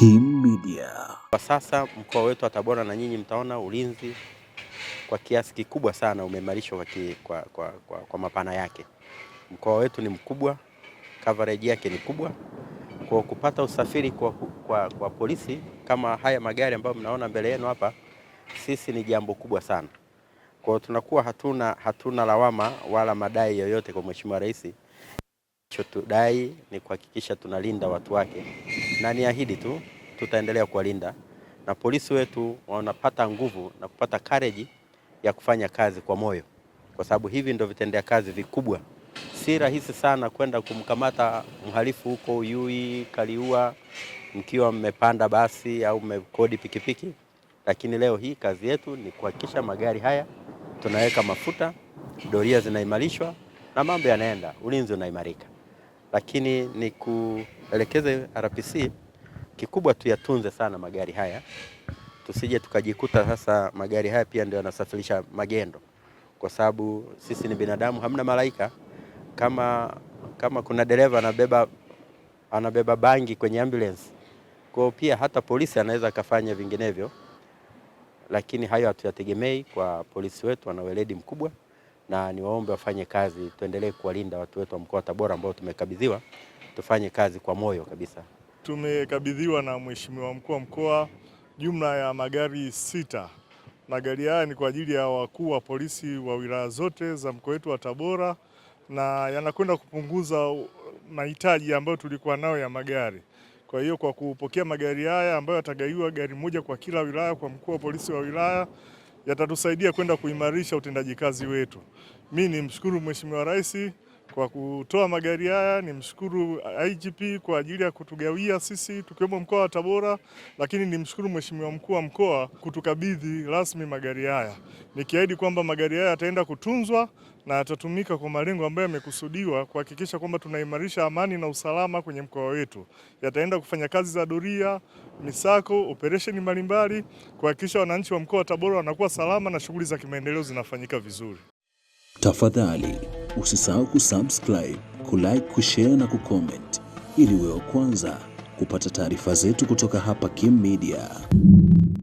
Kim Media. Kwa sasa mkoa wetu wa Tabora na nyinyi mtaona ulinzi kwa kiasi kikubwa sana umeimarishwa kwa, kwa, kwa, kwa mapana yake. Mkoa wetu ni mkubwa, coverage yake ni kubwa, kwa kupata usafiri kwa, kwa, kwa polisi kama haya magari ambayo mnaona mbele yenu hapa, sisi ni jambo kubwa sana. Kwa tunakuwa hatuna, hatuna lawama wala madai yoyote kwa Mheshimiwa Rais. Tunachodai ni kuhakikisha tunalinda watu wake na niahidi tu tutaendelea kuwalinda na polisi wetu wanapata nguvu na kupata kareji ya kufanya kazi kwa moyo, kwa sababu hivi ndio vitendea kazi vikubwa. Si rahisi sana kwenda kumkamata mhalifu huko Uyui, Kaliua, mkiwa mmepanda basi au mmekodi pikipiki, lakini leo hii kazi yetu ni kuhakikisha magari haya tunaweka mafuta, doria zinaimarishwa na mambo yanaenda, ulinzi unaimarika lakini ni kuelekeze RPC kikubwa tuyatunze sana magari haya, tusije tukajikuta sasa magari haya pia ndio yanasafirisha magendo, kwa sababu sisi ni binadamu, hamna malaika. Kama, kama kuna dereva anabeba, anabeba bangi kwenye ambulance kwa pia hata polisi anaweza akafanya vinginevyo, lakini hayo hatuyategemei. Kwa polisi wetu ana weledi mkubwa na niwaombe wafanye kazi, tuendelee kuwalinda watu wetu wa mkoa wa Tabora ambao tumekabidhiwa, tufanye kazi kwa moyo kabisa. Tumekabidhiwa na Mheshimiwa mkuu wa mkoa jumla ya magari sita. Magari haya ni kwa ajili ya wakuu wa polisi wa wilaya zote za mkoa wetu wa Tabora na yanakwenda kupunguza mahitaji ambayo tulikuwa nayo ya magari. Kwa hiyo kwa kupokea magari haya ambayo yatagaiwa gari moja kwa kila wilaya kwa mkuu wa polisi wa wilaya yatatusaidia kwenda kuimarisha utendaji kazi wetu. Mimi nimshukuru Mheshimiwa Rais kwa kutoa magari haya. Nimshukuru IGP kwa ajili ya kutugawia sisi tukiwemo mkoa wa Tabora, lakini nimshukuru Mheshimiwa mkuu wa mkoa kutukabidhi rasmi magari haya, nikiahidi kwamba magari haya yataenda kutunzwa na yatatumika kwa malengo ambayo yamekusudiwa kuhakikisha kwamba tunaimarisha amani na usalama kwenye mkoa wetu. Yataenda kufanya kazi za doria, misako, operesheni mbalimbali kuhakikisha wananchi wa mkoa wa Tabora wanakuwa salama na shughuli za kimaendeleo zinafanyika vizuri. Tafadhali Usisahau kusubscribe, kulike, kushare na kucomment ili uwe wa kwanza kupata taarifa zetu kutoka hapa Kim Media.